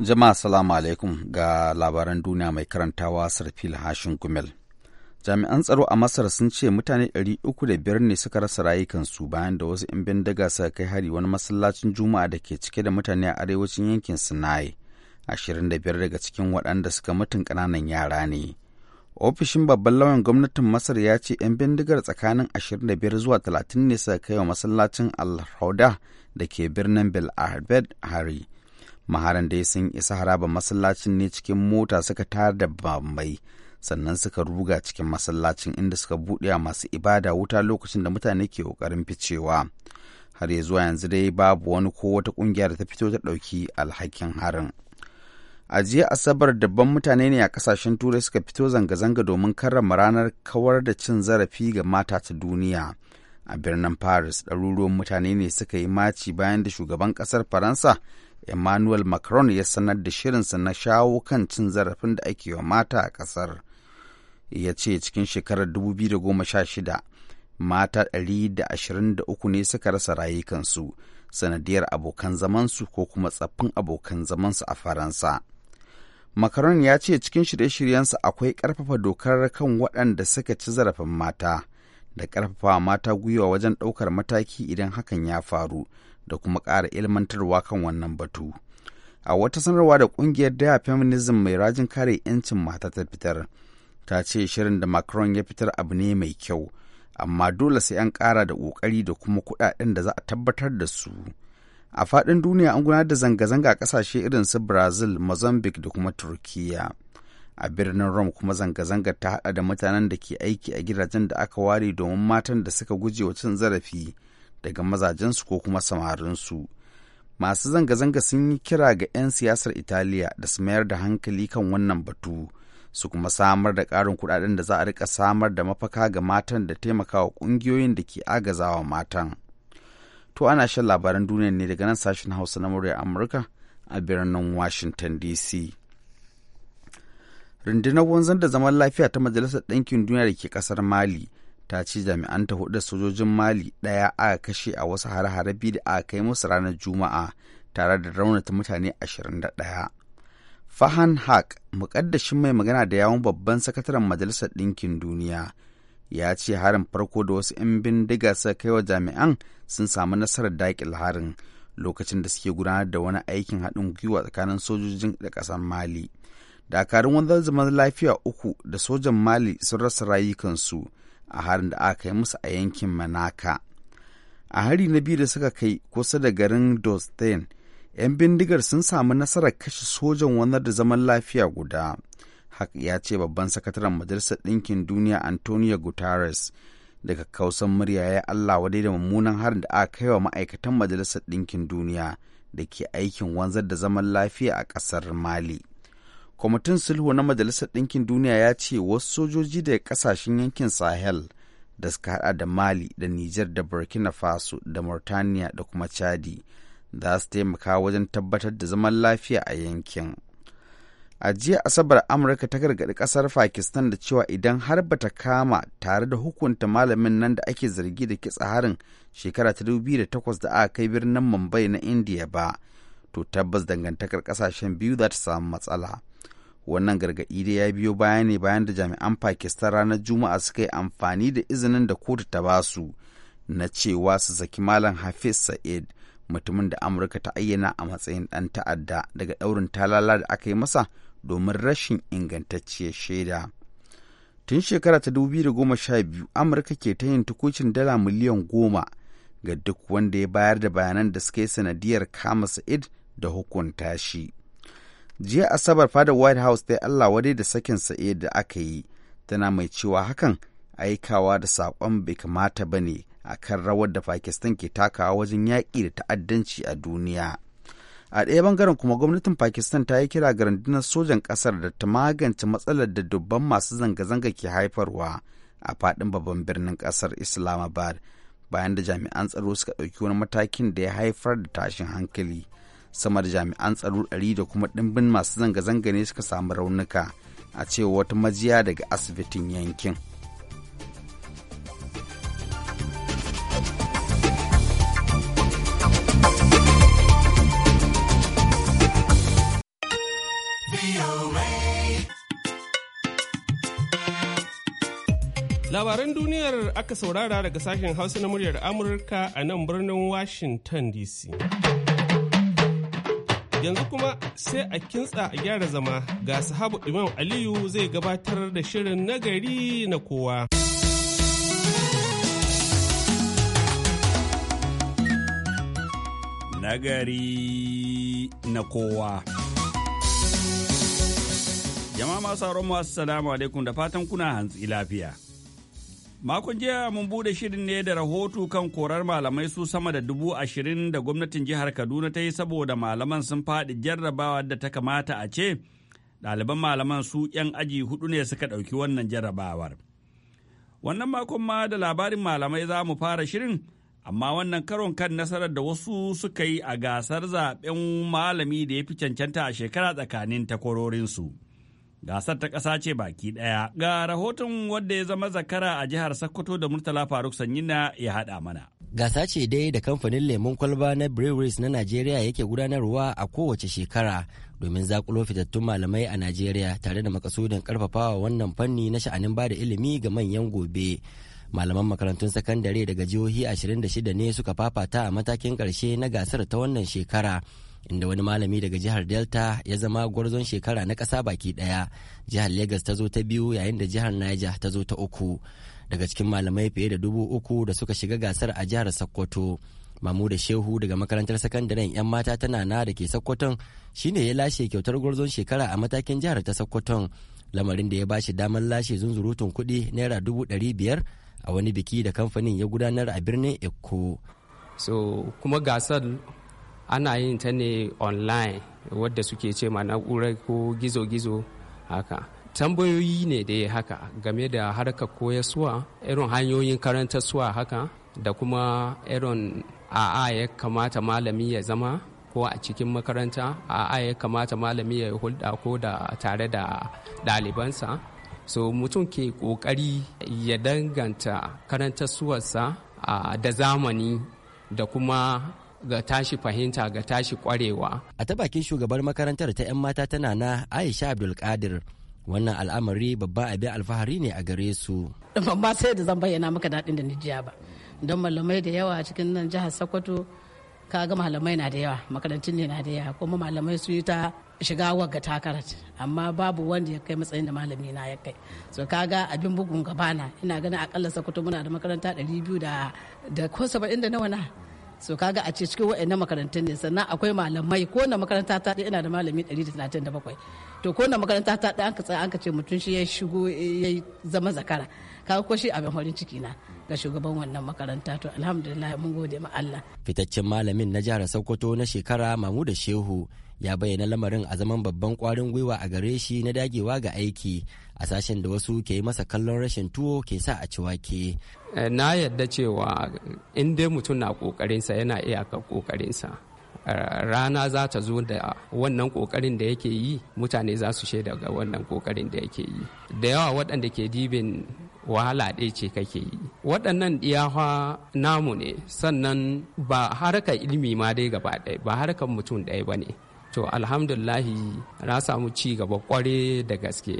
Jama'a salamu alaikum ga labaran duniya mai karantawa Sarfil Hashin Gumel. Jami'an tsaro a Masar sun ce mutane 305 ne suka rasa rayukansu bayan da wasu 'yan bindiga suka kai hari wani masallacin Juma'a da ke cike da mutane a arewacin yankin Sinai. 25 daga cikin waɗanda suka mutun ƙananan yara ne. Ofishin babban lawan gwamnatin Masar ya ce 'yan bindigar tsakanin 25 zuwa 30 ne suka kai wa masallacin Al-Hauda da ke birnin Bel Ahmed hari. maharan dai sun isa harabar masallacin ne cikin mota suka tayar da bambai sannan suka ruga cikin masallacin inda suka buɗe masu ibada wuta lokacin da mutane ke ƙoƙarin ficewa har ya zuwa yanzu dai babu wani ko wata ƙungiya da ta fito ta ɗauki alhakin harin a jiya asabar dabban mutane ne a ƙasashen turai suka fito zanga-zanga domin karrama ranar kawar da cin zarafi ga mata ta duniya a birnin paris ɗaruruwan mutane ne suka yi maci bayan da shugaban ƙasar faransa Emmanuel Macron ya sanar da shirinsa na shawo kan cin zarafin da ake wa mata a ƙasar. Ya ce cikin shekarar 2016 mata 123 ne suka rasa rayukansu sanadiyar abokan zamansu ko kuma tsaffin abokan zamansu a Faransa. Macron ya ce cikin shirye-shiryensa akwai ƙarfafa dokar kan waɗanda suka ci zarafin mata da ƙarfafa mata gwiwa wajen ɗaukar mataki idan hakan ya faru. da kuma ƙara ilmantarwa kan wannan batu. A wata sanarwa da ƙungiyar Daya Feminism mai rajin kare 'yancin mata ta fitar, ta ce shirin da Macron ya fitar abu ne mai kyau, amma dole sai an ƙara da ƙoƙari da kuma kuɗaɗen da za a tabbatar da su. A faɗin duniya an gudanar da zanga-zanga ƙasashe irin su Brazil, Mozambique da kuma Turkiyya. a birnin Rome kuma zanga zanga ta haɗa da mutanen da ke aiki a gidajen da aka ware domin matan da suka guje wa cin zarafi daga mazajensu ko kuma samarinsu masu zanga-zanga sun yi kira ga 'yan siyasar italiya da su mayar da hankali kan wannan batu su kuma samar da ƙarin kuɗaɗen da za a rika samar da mafaka ga matan da taimakawa ƙungiyoyin da ke agazawa matan to ana shan labaran duniya ne daga nan sashen hausa na murya amurka a birnin washington dc rundunar wanzan da zaman lafiya ta majalisar ɗankin duniya da ke ƙasar mali ta jami'an ta hudu da sojojin mali ɗaya aka kashe a wasu hare-hare biyu da aka kai musu ranar juma'a tare da raunata mutane ashirin 21 fahan haq mukaddashin mai magana da yawon babban sakataren majalisar ɗinkin duniya ya ce harin farko da wasu 'yan bindiga suka kai wa jami'an sun samu nasarar daƙil harin lokacin da suke gudanar da wani aikin haɗin gwiwa tsakanin sojojin da ƙasar mali dakarun wanzar zaman lafiya uku da sojan mali sun rasa rayukansu a harin da aka yi musu a yankin manaka a hari na biyu da suka kai kusa da garin dostin 'yan bindigar sun samu nasarar kashe sojan wani da zaman lafiya guda haka ya ce babban sakataren majalisar ɗinkin duniya antonio guterres daga kausan murya ya allah wadai da mummunan harin da aka kai wa ma'aikatan majalisar ɗinkin duniya da ke aikin wanzar da zaman lafiya a ƙasar mali kwamitin sulhu na majalisar ɗinkin duniya ya ce wasu sojoji daga ƙasashen yankin sahel da suka hada da mali da nijar da burkina faso da mauritania da kuma chadi za su taimaka wajen tabbatar da zaman lafiya a yankin a jiya asabar amurka ta gargaɗi ƙasar pakistan da cewa idan har bata kama tare da hukunta malamin nan da ake zargi da kitsa harin shekara ta 2008 da aka kai birnin mumbai na india ba to tabbas dangantakar ƙasashen biyu za ta samu matsala wannan gargaɗi dai ya biyo baya ne bayan da jami'an pakistan ranar juma'a suka yi amfani da izinin da kotu ta basu na cewa su saki malam hafiz sa'id mutumin da amurka ta ayyana a matsayin ɗan ta'adda daga ɗaurin talala da aka yi masa domin rashin ingantacciyar shaida tun shekara ta 2012 amurka ke ta yin tukucin dala miliyan goma ga duk wanda ya bayar da bayanan da suka yi sanadiyar kama sa'id da hukunta shi jiya asabar fadar white house ta allah wadai da sakin sa'e da aka yi tana mai cewa hakan aikawa da saƙon bai kamata ba ne a kan rawar da pakistan ke takawa wajen yaƙi da ta'addanci a duniya a ɗaya bangaren kuma gwamnatin pakistan ta yi kira ga rundunar sojan ƙasar da ta magance matsalar da dubban masu zanga-zanga ke haifarwa a faɗin babban birnin ƙasar islamabad bayan da jami'an tsaro suka ɗauki wani matakin da ya haifar da tashin hankali sama da jami'an tsaro ɗari da kuma ɗimbin masu zanga-zanga ne suka samu raunuka a cewa wata majiya daga asibitin yankin. Labaran duniyar aka saurara daga sashen Hausa na muryar Amurka a nan birnin Washington DC. Yanzu kuma sai a kintsa a gyara zama ga sahabu Imam Aliyu zai gabatar da shirin nagari na kowa. Nagari na kowa. Jama'a masu mu assalamu alaikum da fatan kuna hantsi lafiya. Makon jiya mun bude shirin ne da rahoto kan korar malamai su sama da dubu ashirin da gwamnatin jihar Kaduna ta yi saboda malaman sun faɗi jarrabawa da ta kamata a ce ɗaliban malaman su 'yan aji hudu ne suka ɗauki wannan jarrabawar. Wannan makon ma da labarin malamai za mu fara shirin, amma wannan karon kan nasarar da wasu suka yi a gasar zaɓen malami da ya fi cancanta a shekara tsakanin takwarorinsu. Gasar ta ƙasa ce baki ɗaya. Ga rahoton wanda ya zama zakara a jihar Sokoto da Murtala Faruk Sanyina ya haɗa mana. Gasa ce dai da kamfanin lemon kwalba na Breweries na Najeriya yake gudanarwa a kowace shekara domin zakulo fitattun malamai a Najeriya tare da makasudin karfafawa wannan fanni na sha'anin bada ilimi ga manyan gobe. malaman makarantun sakandare daga jihohi 26 ne suka fafata a matakin karshe na gasar ta wannan shekara inda wani malami daga jihar delta ya zama gwarzon shekara na kasa baki ɗaya jihar lagos ta zo ta biyu yayin da jihar niger ta zo ta uku daga cikin malamai fiye da dubu uku da suka shiga gasar a jihar sokoto mamuda shehu daga makarantar sakandaren 'yan mata tana na da ke sokoton shine ya lashe kyautar gwarzon shekara a matakin jihar ta sokoton lamarin da ya ba shi damar lashe zunzurutun kuɗi naira dubu ɗari biyar a wani biki da kamfanin ya gudanar a birnin Eko. so kuma gasar ana yin ta ne online wadda suke ce ma na'urar ko gizo-gizo haka tambayoyi ne da ya haka game da harka harkar koyaswa irin hanyoyin suwa haka da kuma irin a'a ya kamata malami ya zama ko a cikin makaranta a'a ya kamata malami ya hulɗa ko da tare da ɗalibansa so mutum ke ƙoƙari ya danganta karantarsuwarsa da zamani da kuma ga tashi fahimta ga tashi kwarewa. A ta bakin shugabar makarantar ta 'yan mata tana na Aisha Abdulkadir. Wannan al'amari babba abin alfahari ne a gare su. Ban sai da zan bayyana maka daɗin da Nijiya ba. Don malamai da yawa cikin nan jihar Sokoto kaga malamai na da yawa makarantun ne na da yawa kuma malamai su yi ta shiga wagga takarar amma babu wanda ya kai matsayin da malami na ya kai so kaga abin bugun gabana ina ganin akalla Sokoto muna da makaranta 200 da ko 70 da nawa na so kaga a ce cikin wa'annan makarantun ne sannan akwai malamai ko na makaranta ta ina da malami 137 to ko na makaranta ta ɗaya anka tsaya anka ce mutum shi ya shigo ya zama zakara kaga ko shi abin horin ciki na ga shugaban wannan makaranta to alhamdulillah mun gode ma Allah fitaccen malamin na jihar Sokoto na shekara Mamuda Shehu ya bayyana lamarin a zaman babban kwarin gwiwa a gare shi na dagewa ga aiki a sashen da wasu ke yi masa kallon rashin tuwo ke sa a ci wake. Eh, na yadda cewa in dai mutum na kokarinsa yana iyaka kokarinsa eh, rana za ta zo da wannan kokarin da yake yi mutane za su shaida ga wannan kokarin da yake yi da yawa waɗanda ke dibin wahala ɗaya ce kake yi waɗannan iyawa namu ne sannan ba harkar ilimi ma dai gaba ɗaya ba harkar mutum ɗaya ba ne to alhamdulahi na samu ci gaba kware da gaske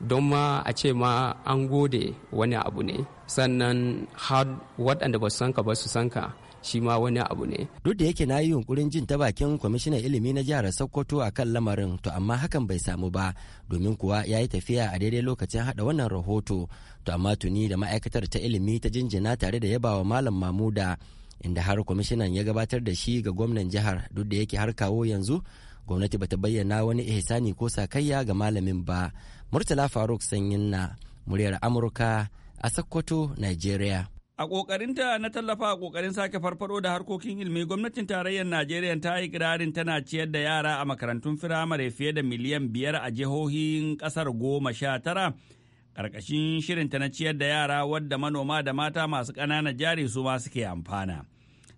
don ma a ce ma an gode wani abu ne sannan har waɗanda ba su sanka ba su sanka shi ma wani abu ne. Duk da yake na yi yunkurin jin ta bakin kwamishinan ilimi na jihar Sokoto a kan lamarin to amma hakan bai samu ba domin kuwa ya yi tafiya a daidai lokacin hada wannan rahoto to amma tuni da ma'aikatar ta ilimi ta jinjina tare da yabawa Malam Mamuda inda har kwamishinan ya gabatar da shi ga gwamnan jihar duk da yake har kawo yanzu gwamnati bata bayyana wani ihsani ko sakayya ga malamin ba Murtala Faruk Sanyin na muryar Amurka a Sokoto, Nigeria. A ƙoƙarinta na tallafa a ƙoƙarin sake farfado da harkokin ilimi gwamnatin tarayyar Najeriya ta yi kirarin tana ciyar da yara a makarantun firamare fiye da miliyan biyar a jihohin ƙasar goma sha tara. Ƙarƙashin shirinta na ciyar da yara wadda manoma da mata masu ƙananan jari su ma suke amfana.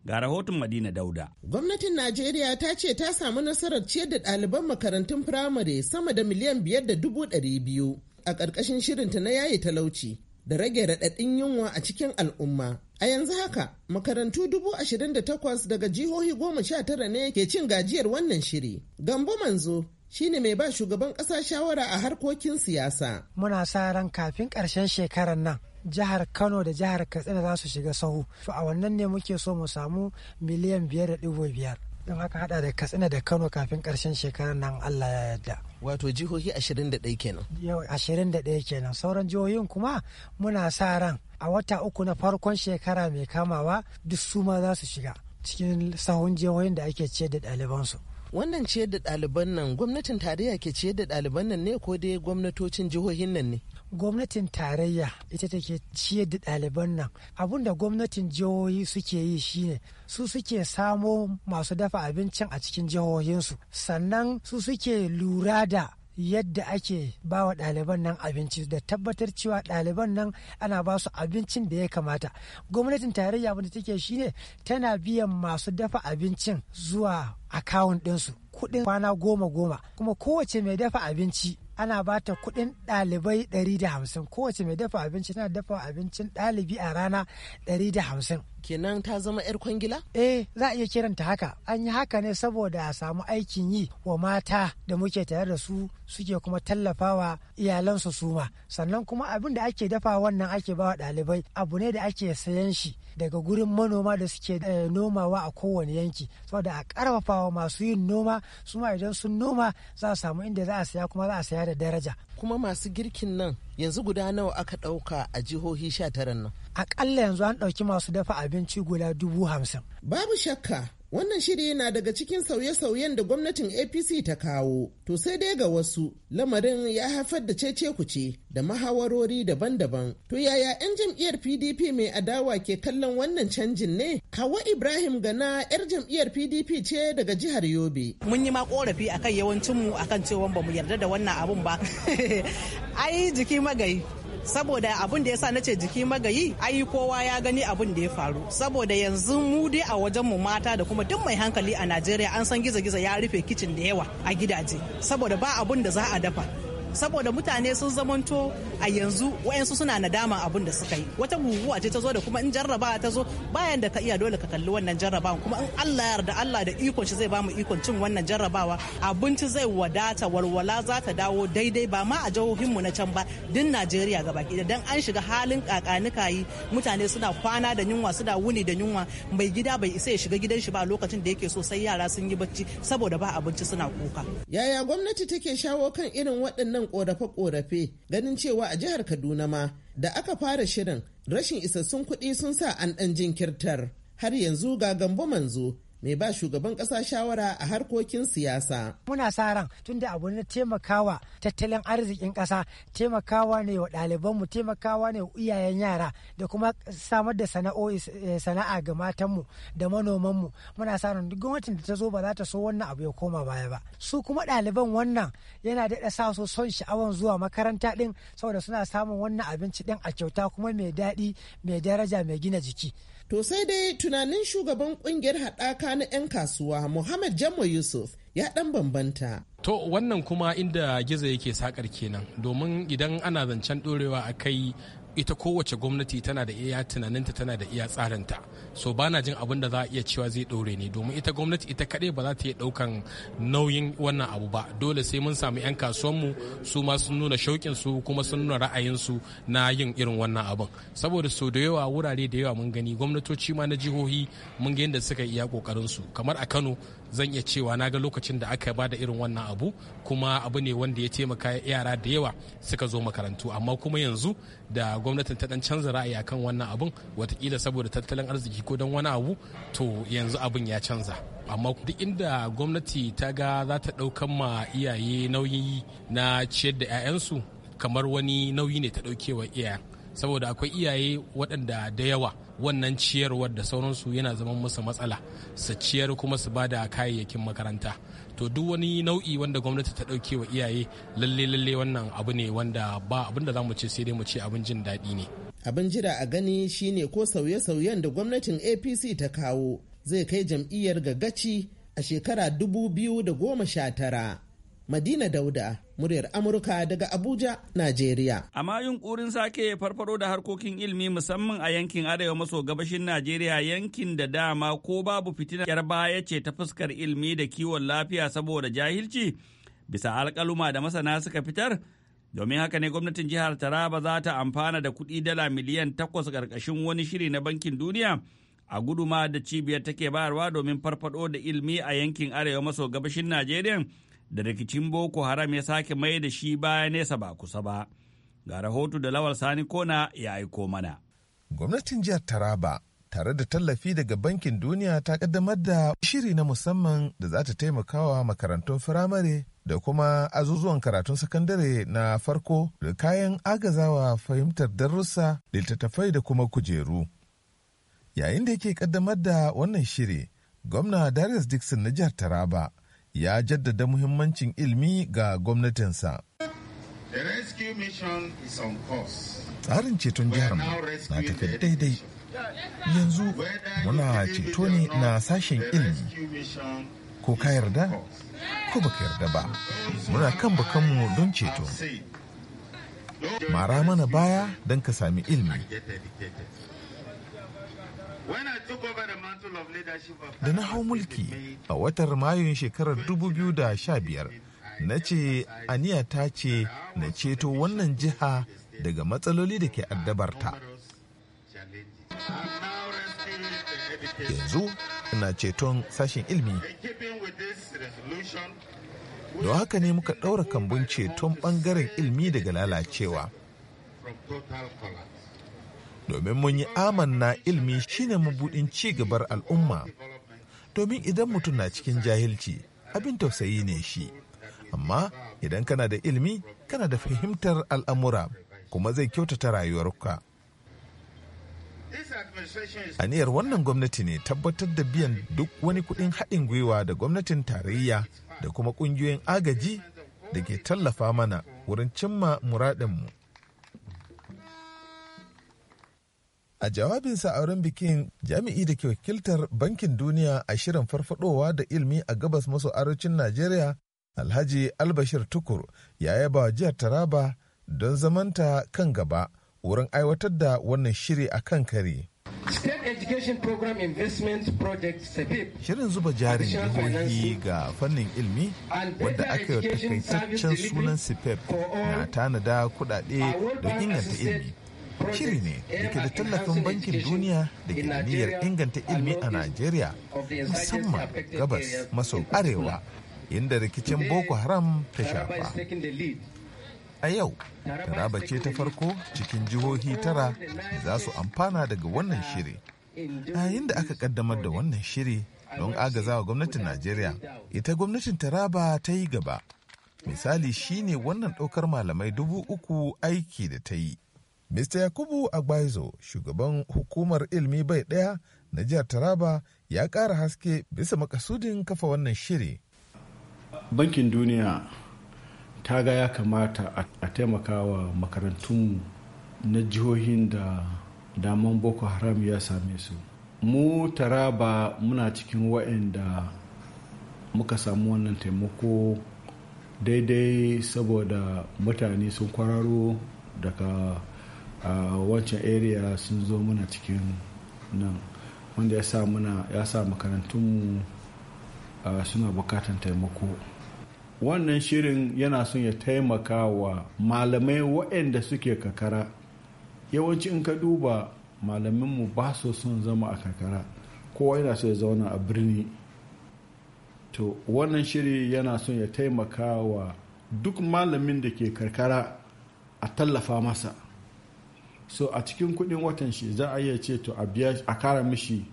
Ga rahoton Madina Dauda. Gwamnatin Najeriya ta ce ta samu nasarar ciyar da ɗaliban makarantun firamare sama da miliyan biyar da dubu ɗari biyu a ƙarƙashin shirinta na yayi talauci da rage raɗaɗin yunwa a cikin al'umma. A yanzu haka makarantu dubu ashirin da takwas daga jihohi goma sha tara ne ke cin gajiyar wannan shiri. Gambo Manzo shine mai ba shugaban ƙasa shawara a harkokin siyasa. Muna sa ran kafin ƙarshen shekarar nan jihar kano da jihar katsina za su shiga sahu to a wannan ne muke so mu samu miliyan biyar da ɗigo biyar don haka hada da katsina da kano kafin karshen shekarar nan allah ya yarda wato jihohi ashirin da ɗaya kenan yau ɗaya kenan sauran jihohin kuma muna sa ran a wata uku na farkon shekara mai kamawa duk su ma za su shiga cikin sahun jihohin da ake ciyar da ɗalibansu wannan ciyar da ɗaliban nan gwamnatin tarayya ke ciyar da ɗaliban nan ne ko dai gwamnatocin jihohin nan ne gwamnatin tarayya ita take ciyar da ɗaliban nan abun da gwamnatin jihohi suke yi shine su suke samo masu dafa abincin a cikin jihohinsu sannan su suke lura da yadda ake ba wa ɗaliban nan abinci da tabbatar cewa ɗaliban nan ana ba su abincin da ya kamata gwamnatin tarayya wanda take ne tana biyan masu dafa abincin zuwa akawun ɗinsu kuɗin kwana goma goma kuma kowace mai dafa abinci ana ba ta kuɗin ɗalibai 150 kowace mai dafa abinci na dafa abincin ɗalibi a rana 150 kenan ta zama 'yar kwangila? eh za a iya kiranta haka an yi haka ne saboda a samu aikin yi wa mata da muke tare da su suke kuma tallafawa iyalansu suma sannan kuma abin da ake dafa wannan ake ba wa ɗalibai abu ne da ake sayan shi daga gurin manoma da suke eh, nomawa a kowane yanki saboda a karfafawa masu yin noma su ma idan sun noma za a samu inda za a saya kuma za a saya da daraja kuma masu girkin nan yanzu guda nawa aka ɗauka a jihohi sha tara nan akalla yanzu an ɗauki masu dafa abinci guda dubu hamsin babu shakka Wannan shiri na daga cikin sauye-sauyen da gwamnatin APC ta kawo, to sai dai ga wasu lamarin ya haifar da cece kuce da mahawarori daban-daban. To yaya 'yan jam'iyyar PDP mai adawa ke kallon wannan canjin ne? Hawa Ibrahim Gana 'yar jam'iyyar PDP ce daga jihar Yobe. Mun yi ma korafi akan yawancinmu akan cewa ba mu yarda da wannan abun ba. Ai jiki magayi. saboda abin da yasa na ce jiki magayi ai kowa ya gani abin da ya faru saboda yanzu mu dai a wajen mu mata da kuma duk mai hankali a Najeriya an san gizo-gizo ya rufe kicin da yawa a gidaje saboda ba abin da za a dafa saboda mutane sun zamanto a yanzu wayansu suna nadama abin da suka yi wata guguwa ce ta zo da kuma in jarraba ta zo bayan da ka iya dole ka kalli wannan jarrabawa kuma in Allah ya yarda Allah da ikon shi zai ba mu ikon cin wannan jarrabawa abinci zai wadata walwala za ta dawo daidai ba ma a jihohin mu na can ba din Najeriya gaba ki dan an shiga halin kakanika yi mutane suna kwana da yunwa suna wuni da yunwa mai gida bai isa ya shiga gidan shi ba lokacin da yake so sai yara sun yi bacci saboda ba abinci suna kuka yaya gwamnati take shawo kan irin waɗannan waɗannan ƙorafe-ƙorafe ganin cewa a jihar Kaduna ma da aka fara shirin rashin isassun kuɗi sun sa an ɗan jinkirtar har yanzu ga gambo manzo mai ba shugaban kasa shawara a harkokin siyasa. Muna sa ran tunda abu na taimakawa tattalin arzikin kasa taimakawa ne wa ɗalibanmu taimakawa ne wa iyayen yara da kuma samar da eh, sana'a ga matanmu da manomanmu muna sa ran duk gwamnatin da ta zo ba za ta so wannan abu ya koma baya ba. Su kuma ɗaliban wannan yana daɗa sa su son sha'awan zuwa makaranta ɗin saboda suna samun wannan abinci ɗin a kyauta kuma mai daɗi mai daraja mai gina jiki. To sai dai tunanin shugaban kungiyar haɗaka na 'yan kasuwa Muhammad Jamma Yusuf ya ɗan bambanta. To wannan kuma inda gizo yake sakar kenan domin idan ana zancen ɗorewa a kai ita kowace gwamnati tana da iya tunaninta tana da iya tsarinta so ba na jin abin da za a iya cewa zai ɗore ne domin ita gwamnati ita kaɗai ba za ta iya ɗaukan nauyin wannan abu ba dole sai mun samu 'yan kasuwanmu su ma sun nuna shauƙin su kuma sun nuna ra'ayinsu na yin irin wannan abun saboda sau da yawa wurare da yawa mun gani gwamnatoci ma na jihohi mun ga yadda suka iya ƙoƙarinsu kamar a kano zan iya cewa na ga lokacin da aka bada irin wannan abu kuma abu ne wanda ya taimaka yara da yawa suka zo makarantu amma kuma yanzu da gwamnatin ta dan canza ra'ayi akan wannan abun watakila saboda tattalin arziki ko don wani abu to yanzu abun ya canza amma duk inda gwamnati ta ga za ta ɗaukan ma iyaye nauyi na ciyar da 'ya'yansu kamar wani nauyi ne ta ɗaukewa iyayen saboda akwai iyaye waɗanda da yawa wannan ciyarwar da sauransu yana zama musu matsala su ciyar kuma su ba da kayayyakin makaranta to duk wani nau'i wanda gwamnati ta ɗauke wa iyaye lalle lalle wannan abu ne wanda ba abin da za mu ce sai dai mu ce abin jin daɗi ne abin jira a gani shine ko sauye-sauyen da gwamnatin apc ta kawo zai kai jam'iyyar ga a shekara dubu biyu da goma sha tara madina dauda muryar Amurka daga Abuja, Najeriya. A ma yunkurin sake farfaro da harkokin ilimi musamman a yankin arewa maso gabashin Najeriya yankin da dama ko babu fitina yar baya ce ta fuskar ilmi da kiwon lafiya saboda jahilci bisa alkaluma da masana suka fitar. Domin haka ne gwamnatin jihar Taraba za ta amfana da kuɗi dala miliyan takwas ƙarƙashin wani shiri na bankin duniya a guduma da cibiyar take bayarwa domin farfaɗo da ilmi a yankin arewa maso gabashin Najeriya. da rikicin Boko Haram ya sake mai da shi baya nesa ba kusa ba. Ga rahoto da Lawal Sani Kona ya aiko mana. Gwamnatin jihar Taraba tare da tallafi daga Bankin Duniya ta kaddamar da shiri na musamman da za ta taimakawa makarantun firamare da kuma azuzuwan karatun sakandare na farko da kayan agazawa fahimtar darussa littattafai da kuma kujeru. Yayin da yake kaddamar da wannan shiri, gwamna Darius Dixon na jihar Taraba ya jaddada muhimmancin ilmi ga gwamnatinsa. Tsarin ceton jihar na tafi daidai. Yanzu muna ceto ne na sashen ilmi. Ko ka yarda? Ko baka yarda ba. Muna kan bakanmu don ceto. Mara mana baya don ka sami ilmi. Da na hau mulki a watar Mayun shekarar 2015 na ce aniya ta ce na ceto wannan jiha daga matsaloli da ke addabarta. Yanzu ina ceton sashen ilmi. Don haka ne muka ɗaura kambun ceton ɓangaren ilmi daga lalacewa. domin mun yi amanna ilmi shine mabuɗin ci gabar al'umma domin idan mutum na cikin jahilci abin tausayi ne shi amma idan kana da ilmi kana da fahimtar al'amura kuma zai kyautata rayuwarka aniyar wannan gwamnati ne tabbatar da biyan duk wani kuɗin haɗin gwiwa da gwamnatin tarayya da kuma ƙungiyoyin agaji da ke tallafa mana wurin cimma muradinmu A jawabinsa a wurin bikin jami'i da ke wakiltar Bankin Duniya a shirin farfadowa da ilmi a gabas maso arewacin Najeriya, Alhaji Albashir Tukur ya yaba wa jihar Taraba don zamanta kan gaba wurin aiwatar da wannan shiri a kan kare. Education Program Investment Project Shirin zuba da jihohi ga fannin ilmi wadda aka yi takaitaccen sunan SEPIP na tanada kudade don inganta ilmi shiri ne da ke da tallafin bankin duniya da ke niyyar inganta ilimi a najeriya musamman gabas maso arewa inda rikicin boko haram ta shafa a yau taraba ce ta farko cikin jihohi tara za su amfana daga wannan shiri yayin da aka kaddamar da wannan shiri don agaza wa gwamnatin najeriya ita gwamnatin taraba ta yi gaba misali shine wannan ɗaukar malamai dubu uku aiki da ta yi Mr. Yakubu Agbaizo, shugaban hukumar ilmi bai ɗaya na jihar Taraba ya ƙara haske bisa makasudin kafa wannan shiri. Bankin Duniya ta ga ya kamata a taimaka wa makarantunmu na jihohin da daman Boko Haram ya same su. Mu Taraba muna cikin waɗanda muka samu wannan taimako daidai saboda mutane sun kwararo daga a wancan area sun zo muna cikin nan wanda ya sa muna ya sa makarantunmu suna bukatan taimako wannan shirin yana son ya taimaka wa malamai waɗanda suke kakara yawanci in ka duba malaminmu ba su son zama a kakara kowa yana so ya zauna a birni to wannan shirin yana son ya taimaka wa duk malamin da ke karkara a tallafa masa so a cikin kuɗin watan shi za a iya ce to a biya a kara mishi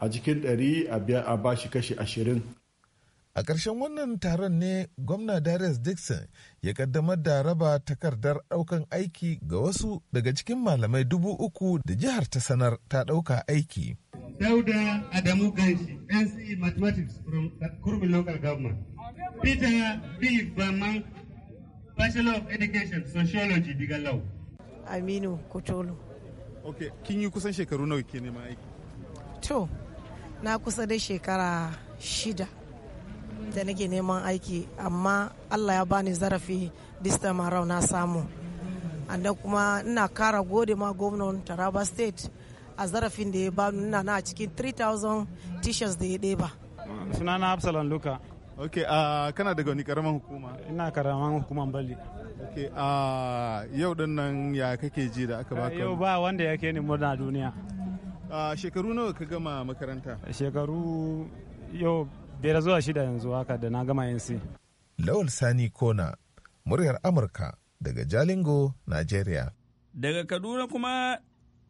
a cikin ɗari a biya a bashi kashi ashirin a ƙarshen wannan taron ne gwamna darius dixon ya kaddamar da raba takardar ɗaukan aiki ga wasu daga cikin malamai dubu uku da jihar ta sanar ta ɗauka aiki dauda adamu ganshi nce mathematics from kurmi local government peter b bachelor of education sociology diga law Aminu Kotolo. Ok, kin yi kusan shekaru nawa ke neman aiki? To, na kusa dai shekara shida da nake neman aiki, amma Allah ya bani zarafi this marau na samu. Anda kuma ina kara gode ma gwamnan Taraba State a zarafin da ya bani ina na cikin 3,000 t-shirts da ya ɗeba. Sunana Absalom Luka. Ok, uh, kana daga wani karaman hukuma? Ina karaman hukuman Bali. yau din nan ya kake ji da aka baka? Yau ba wanda yake ni murna duniya. A shekaru nawa ka gama makaranta? Shekaru yau biyar zuwa shida yanzu haka da na gama yansi Lawal Sani Kona, muryar Amurka daga Jalingo, Nigeria. Daga Kaduna kuma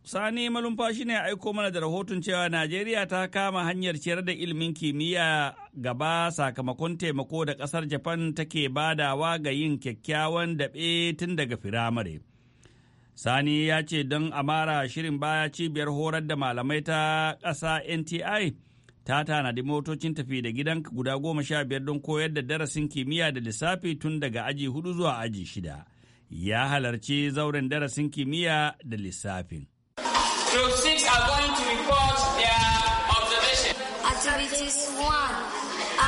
Sani malumfashi ne aiko mana da rahoton cewa Najeriya ta kama hanyar ciyar da ilimin kimiyya gaba sakamakon taimako da ƙasar Japan take badawa ga yin kyakkyawan daɓe tun daga firamare. Sani ya ce don amara shirin baya cibiyar horar da malamai ta ƙasa NTI ta tanadi motocin tafi da gidan guda goma sha biyar don koyar da darasin kimiyya da lissafi tun daga aji hudu zuwa aji shida. Ya halarci zauren darasin kimiyya da lissafin. Group 6 are going to report their observation. Activities 1.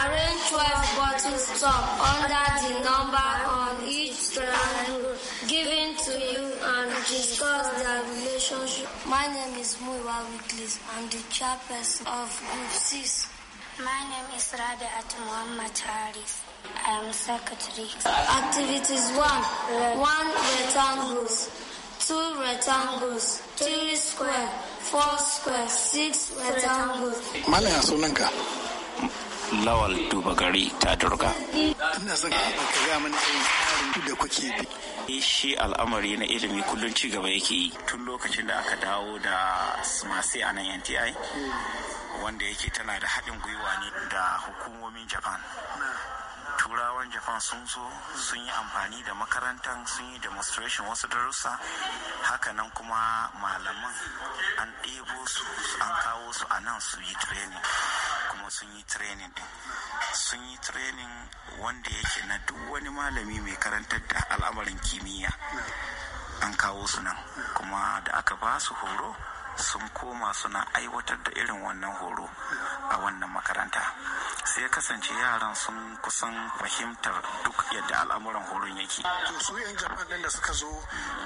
Arrange 12 bottles top under the number on each triangle given to you and discuss the relationship. My name is Muiwa Wiklis. I'm the chairperson of Group 6. My name is Rabi'at Muhammad Haris. I am secretary. Activities 1. 1. Rectangles. two rectangles, three square, four square, six rectangles. Mana ya sunanka? Lawal duba gari ta durga. Ina son ka gaya mana tsarin da kuke bi. Eh, shi al'amari na ilimi kullum ci gaba yake yi tun lokacin da aka dawo da smasi a nan nti hmm. wanda yake tana da haɗin gwiwa ne da hukumomin japan turawan japan sun zo sun yi amfani da makarantar sun yi demonstration wasu darussa hakanan kuma malaman an ɗebo su an kawo su a nan su yi training kuma sun yi training din sun yi training wanda yake na duk wani malami mai karantar da al'amarin kimiyya an kawo su nan kuma da aka ba su horo sun koma suna aiwatar da irin wannan horo a wannan makaranta sai kasance yaran sun kusan fahimtar duk yadda al'amuran horon yake to su yan japan din da suka zo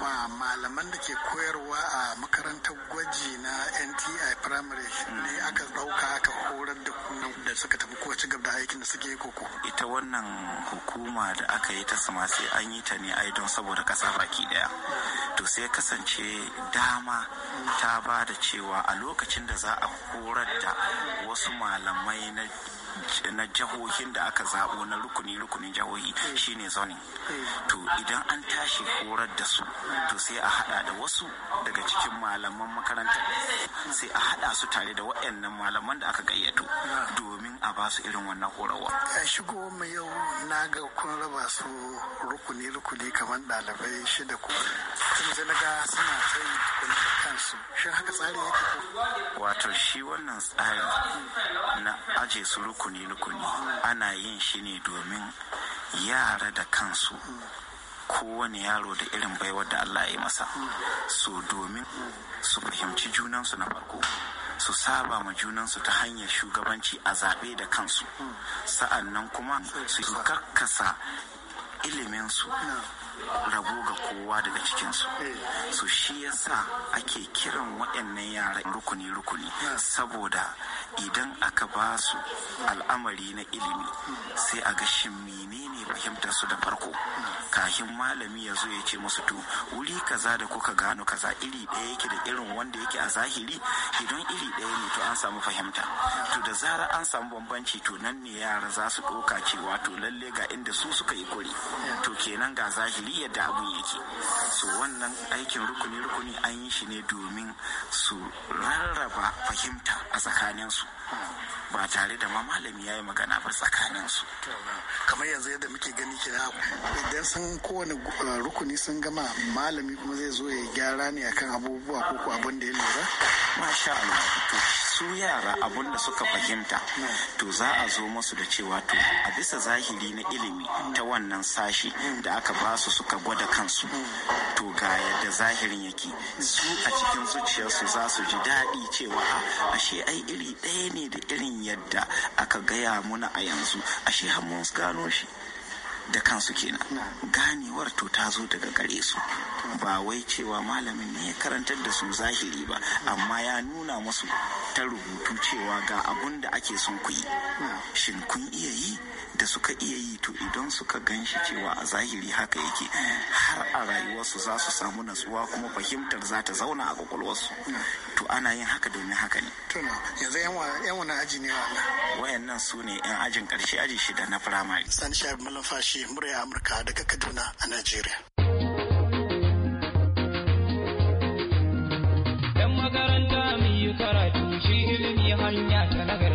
ma malaman da ke koyarwa a makarantar gwaji na nti primary ne aka dauka aka horar da kunan da suka tafi ko ci da aikin da suke koko ita wannan hukuma da aka yi ta sama sai an yi ta ne ai don saboda kasa baki daya to sai kasance dama ta ba da cewa a lokacin da za a horar da wasu malamai na na jihohin da aka zaɓo na rukuni-rukunin jihohi shine zoning to idan an tashi horar da su to sai a hada da wasu daga cikin malaman makaranta sai a hada su tare da waɗannan malaman da aka gayyato domin a ba su irin wannan horarwa a shigo mai yau na ga kun raba su rukuni-rukuni kamar ɗalibai shida ko kuma sai na ga suna tsayi da kansu shin haka tsari yake wato shi wannan tsari na aje su rukuni rukuni-rukuni ana yin shi ne domin yara da kansu kowane yaro da irin baiwar da Allah ya masa su domin su fahimci junansu na farko su saba ma junansu ta hanyar shugabanci a zaɓe da kansu sa'annan kuma su karkasa iliminsu rabo ga kowa daga cikinsu su shi yasa ake kiran waɗannan yaran rukuni-rukuni saboda idan aka ba su al'amari na ilimi sai a ga shimmini ne fahimtar su da farko kafin malami ya zo ya ce musu to wuri kaza da kuka gano kaza iri ɗaya yake da irin wanda yake a zahiri idan iri ɗaya ne to an samu fahimta to da zara an samu bambanci to nan ne yara za su ɗauka cewa to lalle ga inda su suka yi kuri to kenan ga zahiri yadda abun yake so wannan aikin rukuni rukuni an yi shi ne domin su rarraba fahimta a tsakanin su ba tare da ma malami ya yi magana ba tsakanin su kamar yanzu yadda muke gani kina idan sun kowane uh, rukuni sun gama malami kuma zai zo ya gyara ne akan abubuwa ko ko abin da ya lura masha Allah su yara abun da suka fahimta to za a zo musu da cewa to a bisa zahiri na ilimi ta wannan sashi da aka ba su suka gwada kansu to ga yadda zahirin yake su a cikin zuciyarsu za su ji daɗi cewa ah, ashe ai iri ɗaya ne da irin yadda aka gaya muna a yanzu ashe mun gano shi da kansu kenan ganewar to ta zo daga gare su ba wai cewa malamin ne ya karantar da su zahiri ba amma ya nuna musu ta rubutu cewa ga abun da ake son ku yi shin kun iya yi da suka iya yi to idan suka gan shi cewa a zahiri haka yake har a rayuwarsu za su samu natsuwa kuma fahimtar za ta zauna a kwakwalwarsu to ana yin haka domin haka ne yanzu yan wani aji ne wayannan su ne yan ajin karshe aji shida na firamare sani shabi malamfashi murya amurka daga kaduna a najeriya yan makaranta mai karatu shi ilimi hanya ta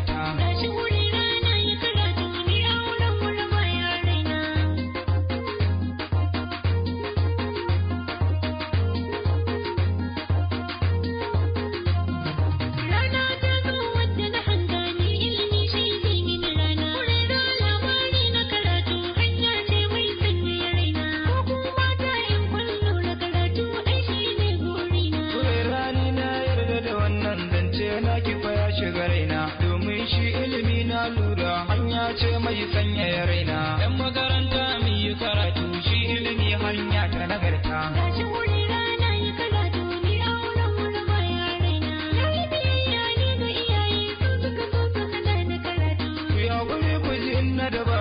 ce mai sanya ya raina yan makaranta mai yi karatu shi ilimi hanya ta nagarta gashi wuri rana yi karatu ni a wurin wurin bayan raina na yi biyayya ne ga iyaye su suka so su hana ya gure ku ji na daba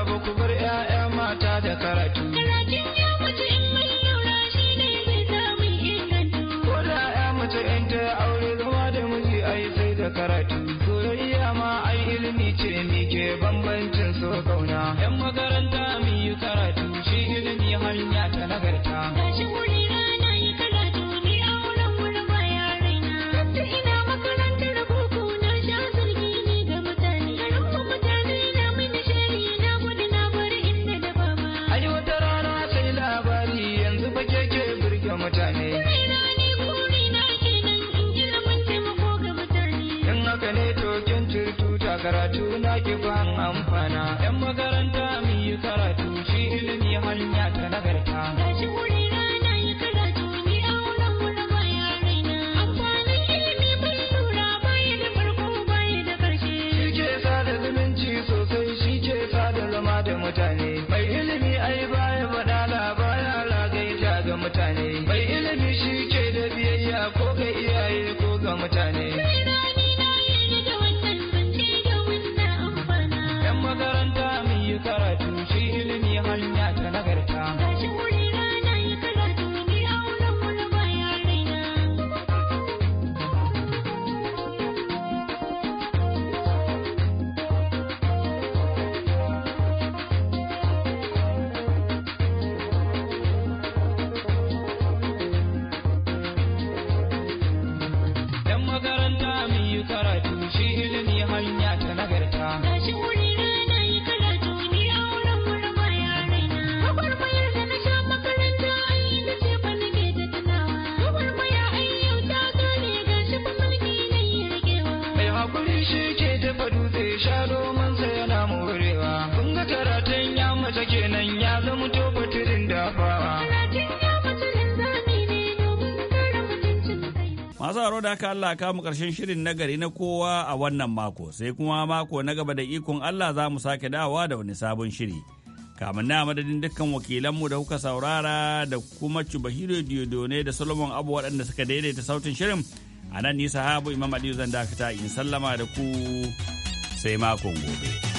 da Allah ka mu karshen shirin na gari na kowa a wannan mako sai kuma mako na gaba da ikon Allah za mu sake dawa da wani sabon shiri. Kamun na madadin dukkan wakilanmu da kuka saurara da kuma Cubahiro Diodone da Solomon Abu waɗanda suka daidaita sautin shirin a nan ni habu Imam Aliyu zan dakata in sallama da ku sai makon gobe.